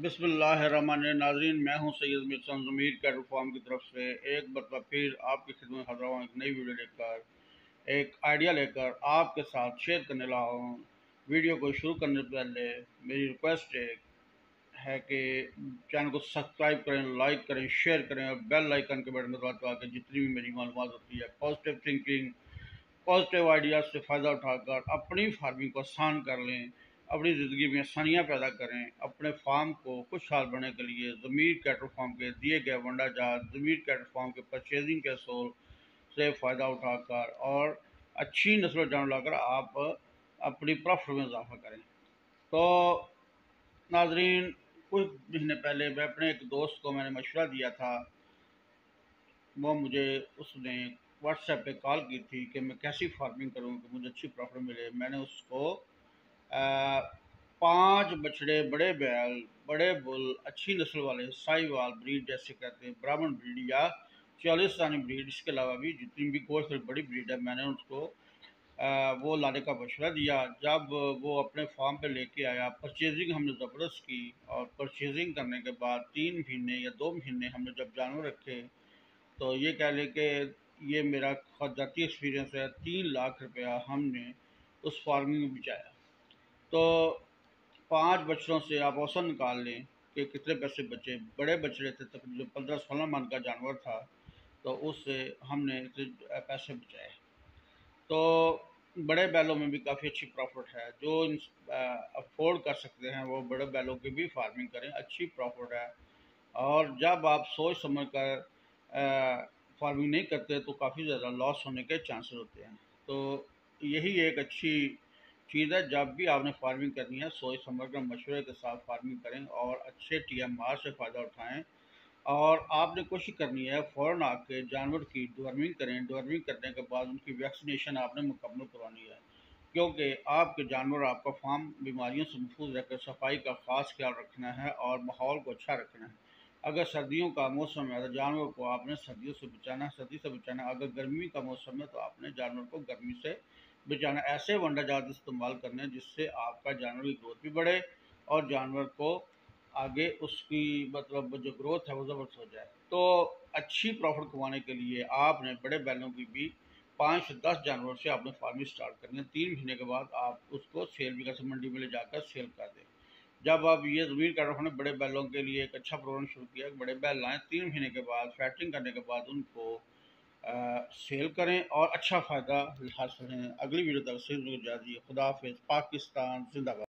बसमान नाजरीन मैं हूं सैयद मिर्सन ज़मीर कैट फार्म की तरफ से एक बार फिर आपकी खिदमत हाजिर हूँ एक नई वीडियो लेकर एक आइडिया लेकर आपके साथ शेयर करने लगा हूँ वीडियो को शुरू करने से पहले मेरी रिक्वेस्ट है, है कि चैनल को सब्सक्राइब करें लाइक करें शेयर करें और बेल लाइकन के बटन दबा दबा के जितनी भी मेरी मालूम होती है पॉजिटिव थिंकिंग पॉजिटिव आइडियाज़ से फ़ायदा उठाकर अपनी फार्मिंग को आसान कर लें अपनी ज़िंदगी में आसानियाँ पैदा करें अपने फार्म को खुशहाल बनाने के लिए ज़मीर कैटल फार्म के दिए गए वंडा जहाज ज़मीर कैटल फार्म के परचेजिंग के सोल से फ़ायदा उठाकर और अच्छी नस्ल जान लाकर आप अपनी प्रॉफिट में इजाफा करें तो नाजरीन कुछ महीने पहले मैं अपने एक दोस्त को मैंने मशवरा दिया था वो मुझे उसने व्हाट्सएप पे कॉल की थी कि मैं कैसी फार्मिंग करूँ कि मुझे अच्छी प्रॉफिट मिले मैंने उसको पांच बछड़े बड़े बैल बड़े बुल अच्छी नस्ल वाले साहिवाल ब्रीड जैसे कहते हैं ब्राह्मण ब्रीड या चालिस्तानी ब्रीड इसके अलावा भी जितनी भी गोश्त बड़ी ब्रीड है मैंने उसको वो लाने का मशवरा दिया जब वो अपने फार्म पे लेके आया परचेजिंग हमने ज़बरदस्त की और परचेजिंग करने के बाद तीन महीने या दो महीने हमने जब जानवर रखे तो ये कह लें कि ये मेरा खुद एक्सपीरियंस है तीन लाख रुपया हमने उस फार्मिंग में बचाया तो पाँच बछड़ों से आप औसत निकाल लें कि कितने पैसे बचे बड़े बछड़े थे तक जो पंद्रह सोलह मन का जानवर था तो उससे हमने इतने पैसे बचाए तो बड़े बैलों में भी काफ़ी अच्छी प्रॉफिट है जो अफोर्ड कर सकते हैं वो बड़े बैलों की भी फार्मिंग करें अच्छी प्रॉफिट है और जब आप सोच समझ कर फार्मिंग नहीं करते तो काफ़ी ज़्यादा लॉस होने के चांसेस होते हैं तो यही एक अच्छी चीज़ है जब भी आपने फार्मिंग करनी है सोच समझ कर मशवरे के साथ फार्मिंग करें और अच्छे टी एम आर से फ़ायदा उठाएं और आपने कोशिश करनी है फ़ौर आके जानवर की डॉर्मिंग करें डॉर्मिंग करने के बाद उनकी वैक्सीनेशन आपने मुकम्मल करवानी है क्योंकि आपके जानवर आपका फार्म बीमारियों से महफूज रखकर सफाई का ख़ास ख्याल रखना है और माहौल को अच्छा रखना है अगर सर्दियों का मौसम है तो जानवर को आपने सर्दियों से बचाना है सर्दी से बचाना है अगर गर्मी का मौसम है तो आपने जानवर को गर्मी से बेचाना ऐसे वंडा जात इस्तेमाल करने जिससे आपका जानवर की ग्रोथ भी बढ़े और जानवर को आगे उसकी मतलब जो ग्रोथ है वो ज़बरदस्त हो जाए तो अच्छी प्रॉफिट कमाने के लिए आपने बड़े बैलों की भी पाँच से दस जानवर से आपने फार्मिंग स्टार्ट करनी है तीन महीने के बाद आप उसको सेल भी कर सकते मंडी में ले जाकर सेल कर दें जब आप ये ज़मीन कर रहे बड़े बैलों के लिए एक अच्छा प्रोग्राम शुरू किया बड़े बैल लाएँ तीन महीने के बाद फैटिंग करने के बाद उनको सेल करें और अच्छा फ़ायदा हासिल करें अगली वीडियो तक सिर्फ खुदा पाकिस्तान जिंदाबाद